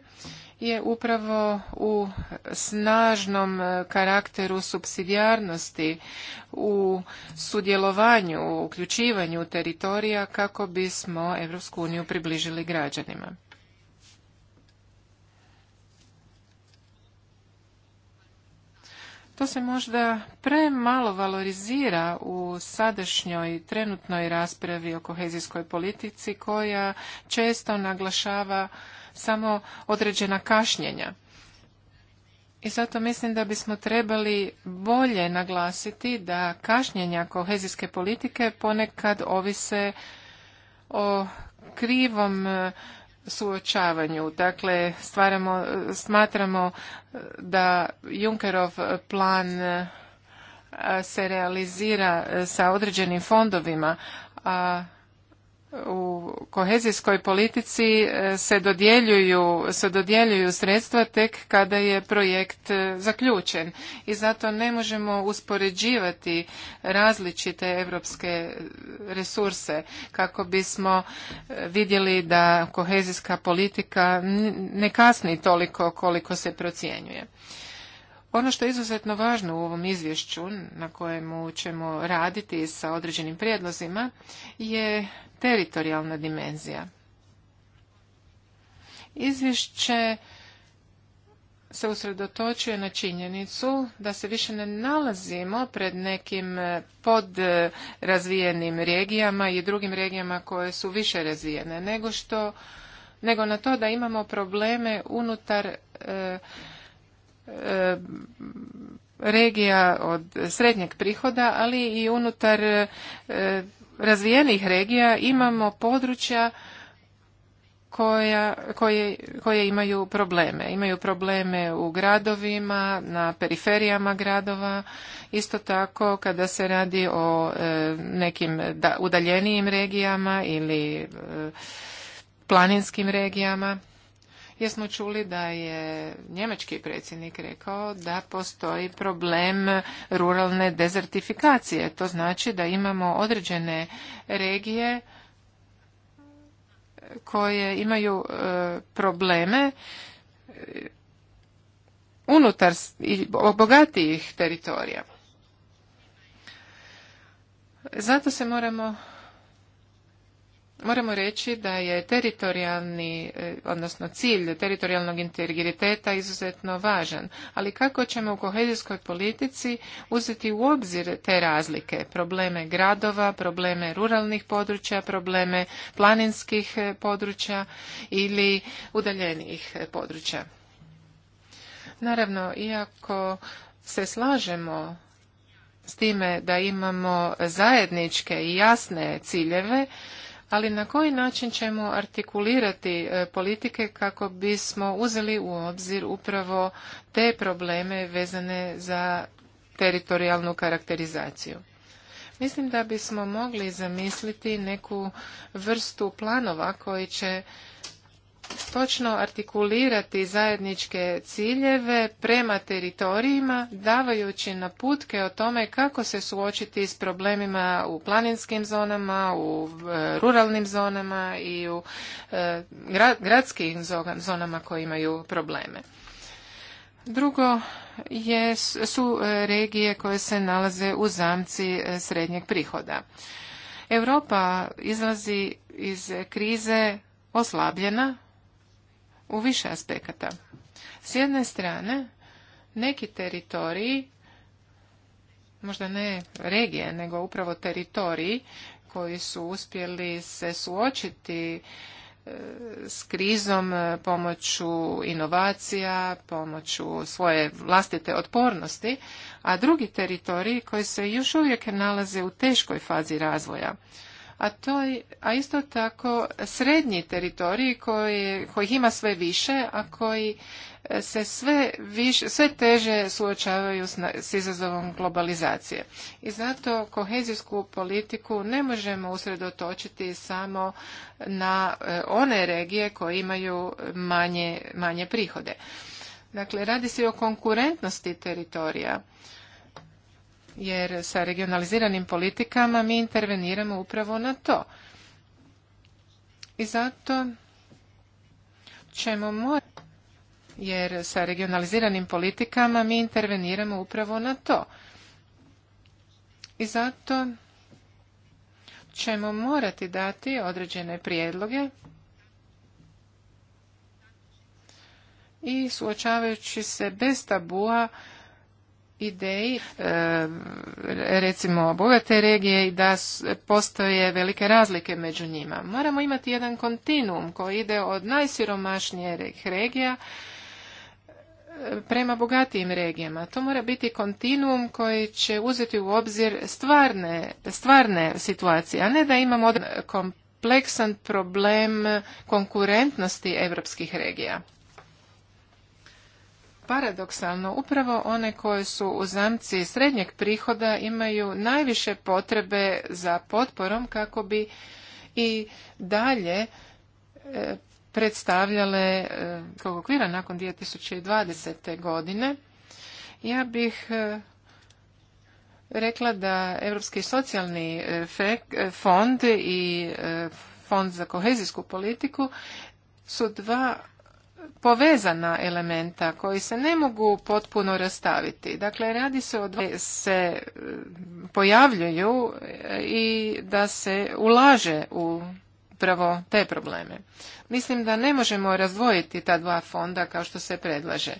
je upravo u snažnom e, karakteru subsidijarnosti, u sudjelovanju, u uključivanju teritorija kako bismo Europsku uniju približili građanima. To se možda premalo valorizira u sadašnjoj trenutnoj raspravi o kohezijskoj politici koja često naglašava samo određena kašnjenja. I zato mislim da bismo trebali bolje naglasiti da kašnjenja kohezijske politike ponekad ovise o krivom suočavanju. Dakle, stvaramo, smatramo e, da Junkerov plan e, se realizira e, sa određenim fondovima, a u kohezijskoj politici e, se dodjeljuju, se dodjeljuju sredstva tek kada je projekt e, zaključen i zato ne možemo uspoređivati različite europske resurse kako bismo e, vidjeli da kohezijska politika ne kasni toliko koliko se procjenjuje. Ono što je izuzetno važno u ovom izvješću na kojemu ćemo raditi sa određenim prijedlozima je teritorijalna dimenzija. Izvješće se usredotočuje na činjenicu da se više ne nalazimo pred nekim podrazvijenim regijama i drugim regijama koje su više razvijene, nego, što, nego na to da imamo probleme unutar e, E, regija od srednjeg prihoda, ali i unutar e, razvijenih regija imamo područja koja, koje, koje imaju probleme. Imaju probleme u gradovima, na periferijama gradova, isto tako kada se radi o e, nekim udaljenijim regijama ili planinskim regijama jer smo čuli da je njemački predsjednik rekao da postoji problem ruralne dezertifikacije. To znači da imamo određene regije koje imaju e, probleme e, unutar bogatijih teritorija. Zato se moramo Moramo reći da je teritorijalni, e, odnosno cilj teritorijalnog integriteta izuzetno važan, ali kako ćemo u kohezijskoj politici uzeti u obzir te razlike, probleme gradova, probleme ruralnih područja, probleme planinskih e, područja ili udaljenijih e, područja. Naravno, iako se slažemo s time da imamo zajedničke i jasne ciljeve, ali na koji način ćemo artikulirati e, politike kako bismo uzeli u obzir upravo te probleme vezane za teritorijalnu karakterizaciju. Mislim da bismo mogli zamisliti neku vrstu planova koji će točno artikulirati zajedničke ciljeve prema teritorijima, davajući naputke o tome kako se suočiti s problemima u planinskim zonama, u e, ruralnim zonama i u e, gradskim zonama koje imaju probleme. Drugo je, su e, regije koje se nalaze u zamci srednjeg prihoda. Europa izlazi iz krize oslabljena, u više aspekata. S jedne strane, neki teritoriji, možda ne regije, nego upravo teritoriji koji su uspjeli se suočiti e, s krizom e, pomoću inovacija, pomoću svoje vlastite otpornosti, a drugi teritoriji koji se još uvijek nalaze u teškoj fazi razvoja a, to, a isto tako srednji teritoriji koji, kojih ima sve više, a koji e, se sve, više, sve teže suočavaju s, izazovom globalizacije. I zato kohezijsku politiku ne možemo usredotočiti samo na e, one regije koje imaju manje, manje prihode. Dakle, radi se o konkurentnosti teritorija jer sa regionaliziranim politikama mi interveniramo upravo na to. I zato ćemo morati, jer sa regionaliziranim politikama mi interveniramo upravo na to. I zato ćemo morati dati određene prijedloge i suočavajući se bez tabua ideji, e, recimo bogate regije i da postoje velike razlike među njima. Moramo imati jedan kontinuum koji ide od najsiromašnijih regija e, prema bogatijim regijama. To mora biti kontinuum koji će uzeti u obzir stvarne, stvarne situacije, a ne da imamo kompleksan problem konkurentnosti europskih regija paradoksalno upravo one koje su u zamci srednjeg prihoda imaju najviše potrebe za potporom kako bi i dalje e, predstavljale kog e, okvira nakon 2020. godine. Ja bih e, rekla da Europski socijalni fond i fond za kohezijsku politiku su dva povezana elementa koji se ne mogu potpuno rastaviti. Dakle, radi se o dva se e, pojavljuju e, i da se ulaže u upravo te probleme. Mislim da ne možemo razdvojiti ta dva fonda kao što se predlaže.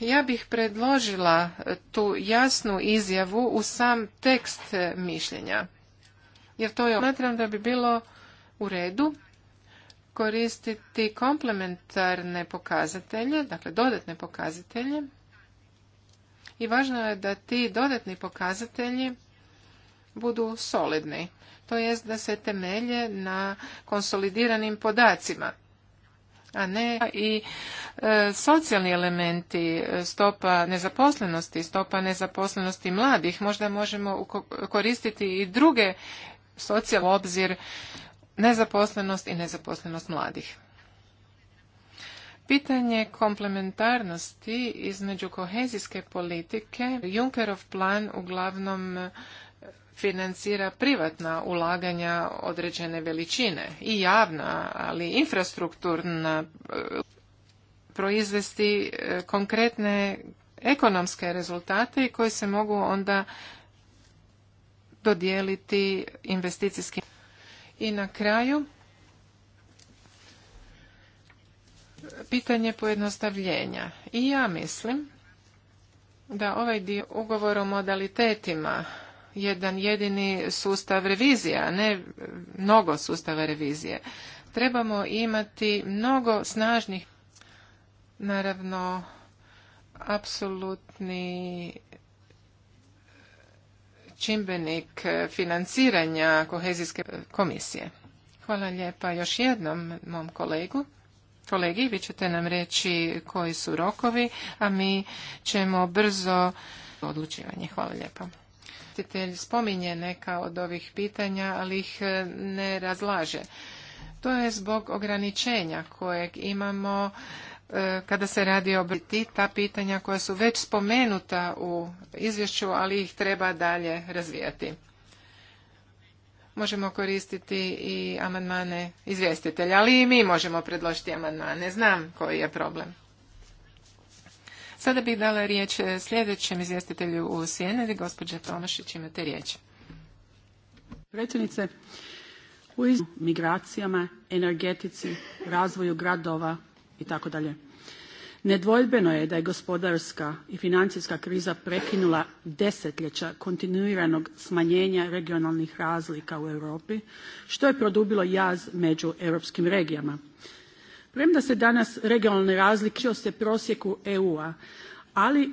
Ja bih predložila tu jasnu izjavu u sam tekst mišljenja. Jer to je, smatram da bi bilo u redu koristiti komplementarne pokazatelje, dakle dodatne pokazatelje. I važno je da ti dodatni pokazatelji budu solidni, to jest da se temelje na konsolidiranim podacima, a ne i e, socijalni elementi, e, stopa nezaposlenosti, stopa nezaposlenosti mladih. Možda možemo koristiti i druge socijalne obzir nezaposlenost i nezaposlenost mladih. Pitanje komplementarnosti između kohezijske politike, Junckerov plan uglavnom eh, financira privatna ulaganja određene veličine i javna, ali infrastrukturna eh, proizvesti eh, konkretne ekonomske rezultate i koji se mogu onda dodijeliti investicijskim i na kraju, pitanje pojednostavljenja. I ja mislim da ovaj dio ugovor o modalitetima jedan jedini sustav revizija, a ne mnogo sustava revizije. Trebamo imati mnogo snažnih, naravno, apsolutni čimbenik e, financiranja kohezijske komisije. Hvala lijepa još jednom mom kolegu. Kolegi, vi ćete nam reći koji su rokovi, a mi ćemo brzo odlučivanje. Hvala lijepa. Spominje neka od ovih pitanja, ali ih e, ne razlaže. To je zbog ograničenja kojeg imamo E, kada se radi o ta pitanja koja su već spomenuta u izvješću, ali ih treba dalje razvijati. Možemo koristiti i amandmane izvjestitelja, ali i mi možemo predložiti amandmane. Znam koji je problem. Sada bih dala riječ sljedećem izvjestitelju u Sjenevi, gospođa Tomašić, imate riječ. Predsjednice, u migracijama, energetici, razvoju gradova i tako dalje nedvojbeno je da je gospodarska i financijska kriza prekinula desetljeća kontinuiranog smanjenja regionalnih razlika u europi što je produbilo jaz među europskim regijama premda se danas regionalne razlike prosjeku eu a ali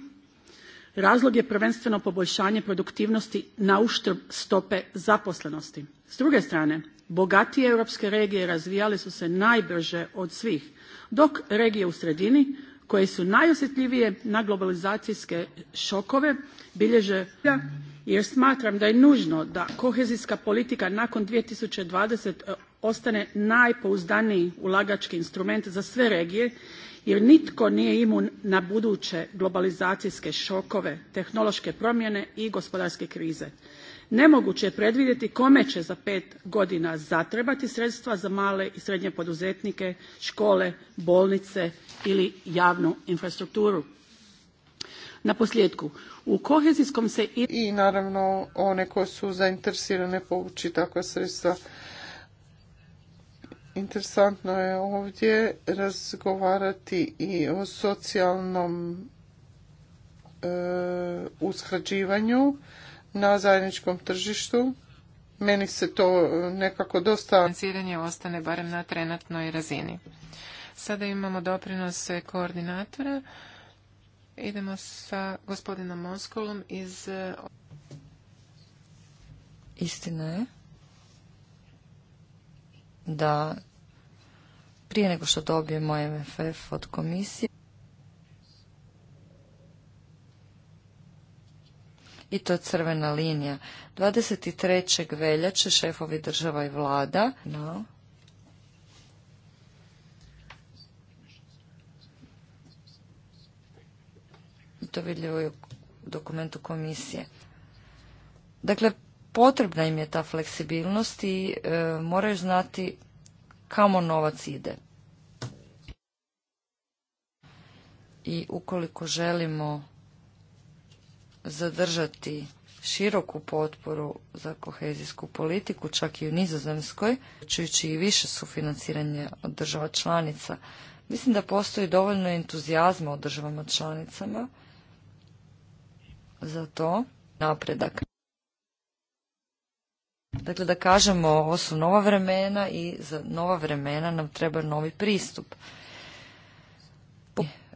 razlog je prvenstveno poboljšanje produktivnosti na uštrb stope zaposlenosti s druge strane bogatije europske regije razvijale su se najbrže od svih dok regije u sredini koje su najosjetljivije na globalizacijske šokove bilježe jer smatram da je nužno da kohezijska politika nakon. two thousand and ostane najpouzdaniji ulagački instrument za sve regije jer nitko nije imun na buduće globalizacijske šokove tehnološke promjene i gospodarske krize nemoguće je predvidjeti kome će za pet godina zatrebati sredstva za male i srednje poduzetnike škole bolnice ili javnu infrastrukturu naposljetku u kohezijskom se i naravno one koje su zainteresirane povući takva sredstva interesantno je ovdje razgovarati i o socijalnom e, na zajedničkom tržištu. Meni se to e, nekako dosta... Financiranje ostane barem na trenatnoj razini. Sada imamo doprinose koordinatora. Idemo sa gospodinom Moskolom iz... E, Istina je da prije nego što dobijemo MFF od komisije i to crvena linija. 23. veljače šefovi država i vlada no. to vidljivo je u dokumentu komisije. Dakle, potrebna im je ta fleksibilnost i e, moraju znati kamo novac ide. I ukoliko želimo zadržati široku potporu za kohezijsku politiku, čak i u Nizozemskoj, čujući i više sufinanciranje od država članica. Mislim da postoji dovoljno entuzijazma od državama članicama za to napredak. Dakle, da kažemo, ovo su nova vremena i za nova vremena nam treba novi pristup.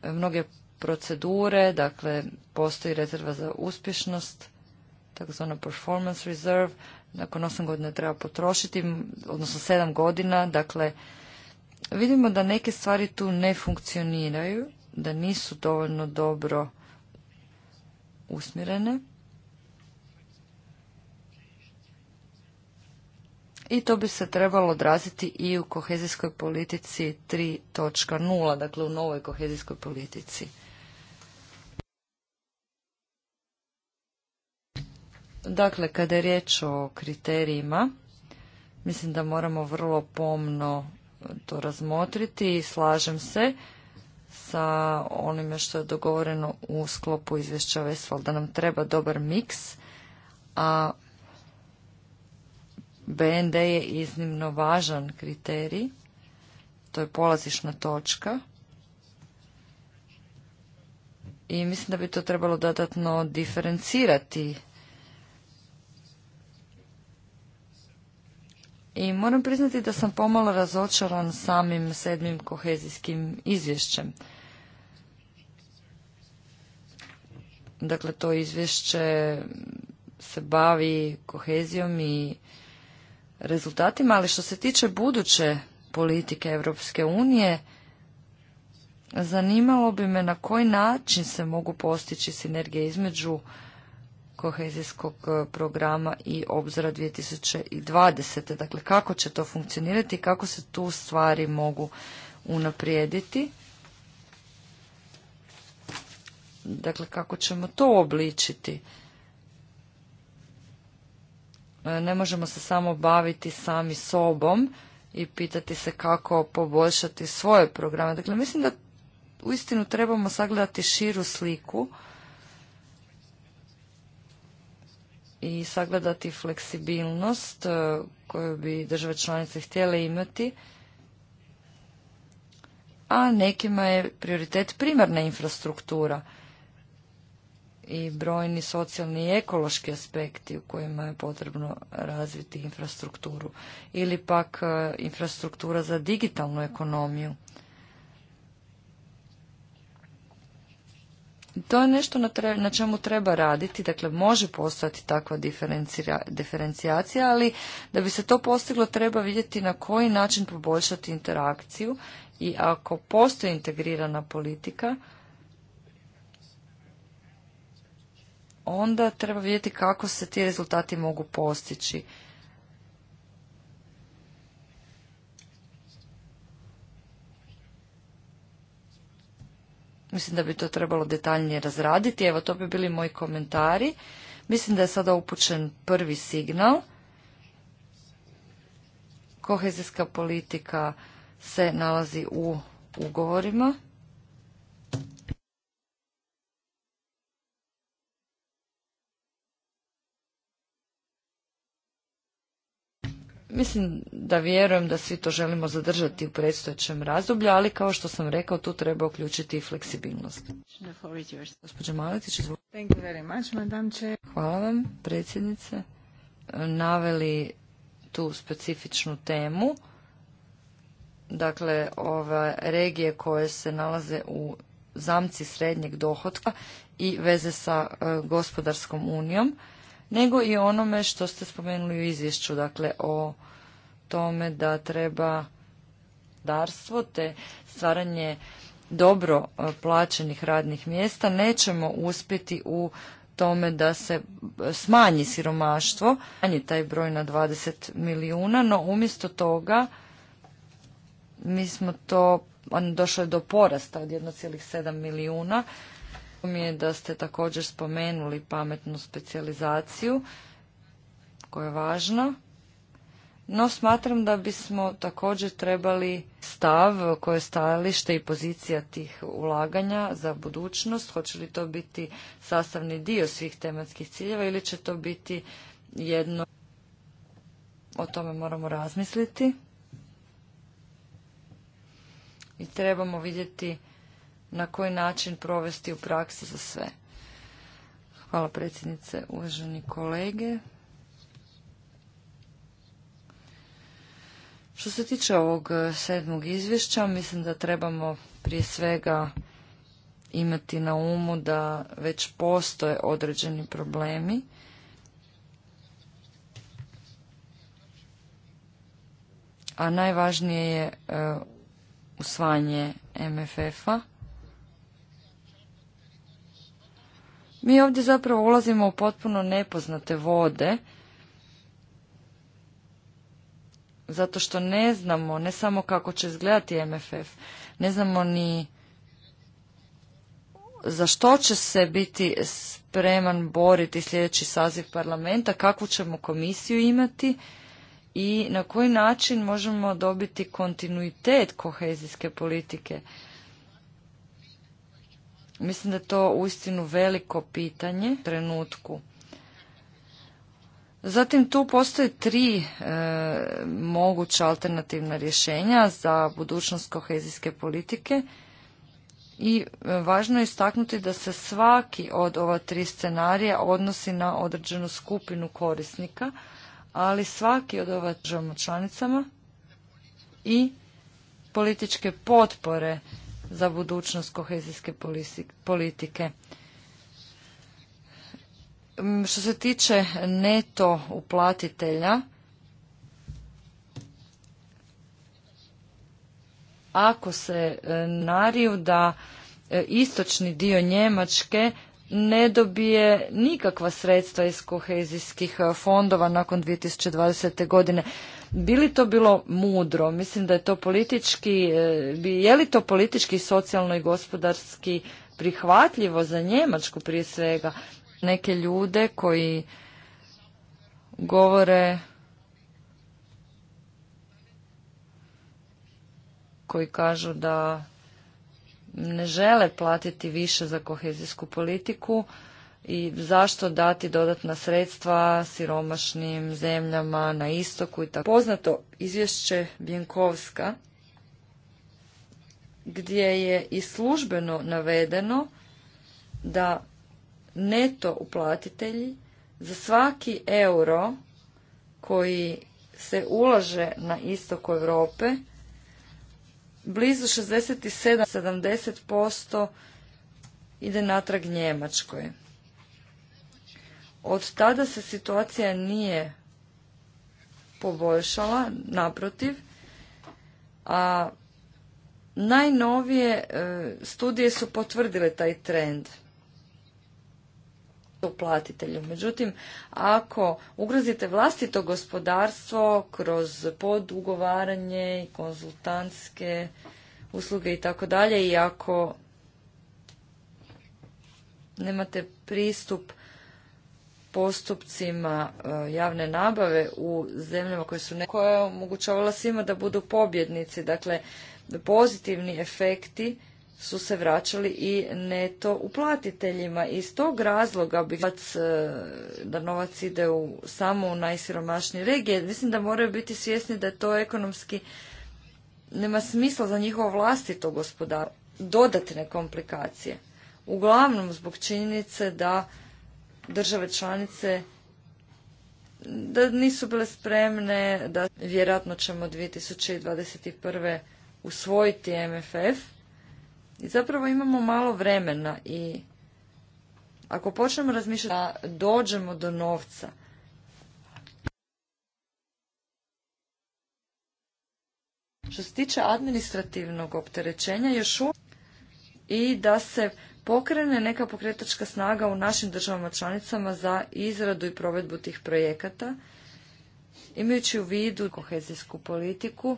Mnoge procedure, dakle postoji rezerva za uspješnost, takozvana performance reserve, nakon osam godina treba potrošiti, odnosno sedam godina, dakle vidimo da neke stvari tu ne funkcioniraju, da nisu dovoljno dobro usmjerene. I to bi se trebalo odraziti i u kohezijskoj politici 3.0, dakle u novoj kohezijskoj politici. Dakle, kada je riječ o kriterijima, mislim da moramo vrlo pomno to razmotriti i slažem se sa onime što je dogovoreno u sklopu izvješća Vesval, da nam treba dobar miks, a BND je iznimno važan kriterij, to je polazišna točka i mislim da bi to trebalo dodatno diferencirati i moram priznati da sam pomalo razočaran samim sedmim kohezijskim izvješćem. Dakle, to izvješće se bavi kohezijom i rezultatima, ali što se tiče buduće politike Europske unije, zanimalo bi me na koji način se mogu postići sinergije između kohezijskog e, programa i obzora 2020. Dakle, kako će to funkcionirati i kako se tu stvari mogu unaprijediti. Dakle, kako ćemo to obličiti? E, ne možemo se samo baviti sami sobom i pitati se kako poboljšati svoje programe. Dakle, mislim da uistinu trebamo sagledati širu sliku i sagledati fleksibilnost e, koju bi države članice htjele imati, a nekima je prioritet primarna infrastruktura i brojni socijalni i ekološki aspekti u kojima je potrebno razviti infrastrukturu ili pak e, infrastruktura za digitalnu ekonomiju To je nešto na, na čemu treba raditi, dakle može postojati takva diferencijacija, ali da bi se to postiglo treba vidjeti na koji način poboljšati interakciju i ako postoji integrirana politika, onda treba vidjeti kako se ti rezultati mogu postići. Mislim da bi to trebalo detaljnije razraditi. Evo, to bi bili moji komentari. Mislim da je sada upućen prvi signal. Kohezijska politika se nalazi u ugovorima Mislim da vjerujem da svi to želimo zadržati u predstojećem razdoblju, ali kao što sam rekao, tu treba uključiti i fleksibilnost. Hvala vam, predsjednice. Naveli tu specifičnu temu. Dakle, ove regije koje se nalaze u zamci srednjeg dohotka i veze sa e, gospodarskom unijom nego i onome što ste spomenuli u izvješću, dakle o tome da treba darstvo te stvaranje dobro e, plaćenih radnih mjesta nećemo uspjeti u tome da se e, smanji siromaštvo, smanji taj broj na 20 milijuna, no umjesto toga mi smo to, došlo je do porasta od 1,7 milijuna, mi je da ste također spomenuli pametnu specijalizaciju koja je važna, no smatram da bismo također trebali stav koje stajalište i pozicija tih ulaganja za budućnost, hoće li to biti sastavni dio svih tematskih ciljeva ili će to biti jedno o tome moramo razmisliti i trebamo vidjeti na koji način provesti u praksi za sve. Hvala predsjednice, uvaženi kolege. Što se tiče ovog e, sedmog izvješća, mislim da trebamo prije svega imati na umu da već postoje određeni problemi. A najvažnije je e, usvajanje MFF-a. Mi ovdje zapravo ulazimo u potpuno nepoznate vode, zato što ne znamo, ne samo kako će izgledati MFF, ne znamo ni za što će se biti spreman boriti sljedeći saziv parlamenta, kakvu ćemo komisiju imati i na koji način možemo dobiti kontinuitet kohezijske politike. Mislim da je to uistinu veliko pitanje u trenutku. Zatim tu postoje tri e, moguća alternativna rješenja za budućnost kohezijske politike i e, važno je istaknuti da se svaki od ova tri scenarija odnosi na određenu skupinu korisnika, ali svaki od ova državama članicama i političke potpore za budućnost kohezijske politike. Mm, što se tiče neto uplatitelja, ako se e, nariju da e, istočni dio Njemačke ne dobije nikakva sredstva iz kohezijskih e, fondova nakon 2020. godine. Bili to bilo mudro? Mislim da je to politički, e, je li to politički, socijalno i gospodarski prihvatljivo za Njemačku prije svega? Neke ljude koji govore koji kažu da ne žele platiti više za kohezijsku politiku i zašto dati dodatna sredstva siromašnim zemljama na istoku i tako. Poznato izvješće Bjenkovska gdje je i službeno navedeno da neto uplatitelji za svaki euro koji se ulaže na istoku Europe blizu 67-70% ide natrag Njemačkoj. Od tada se situacija nije poboljšala, naprotiv, a najnovije e, studije su potvrdile taj trend uplatitelju. Međutim, ako ugrozite vlastito gospodarstvo kroz podugovaranje i konzultantske usluge i tako dalje i ako nemate pristup postupcima e, javne nabave u zemljama koje su ne... koja je omogućavala svima da budu pobjednici. Dakle, pozitivni efekti su se vraćali i neto uplatiteljima. Iz tog razloga bi e, da novac ide u, samo u najsiromašnije regije. Mislim da moraju biti svjesni da to ekonomski nema smisla za njihovo vlastito gospodarstvo. Dodatne komplikacije. Uglavnom zbog činjenice da države članice da nisu bile spremne da vjerojatno ćemo 2021. usvojiti MFF i zapravo imamo malo vremena i ako počnemo razmišljati da dođemo do novca što se tiče administrativnog opterećenja još u... i da se pokrene neka pokretačka snaga u našim državama članicama za izradu i provedbu tih projekata, imajući u vidu kohezijsku politiku,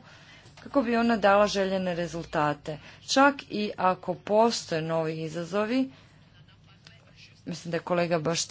kako bi ona dala željene rezultate. Čak i ako postoje novi izazovi, mislim da je kolega baš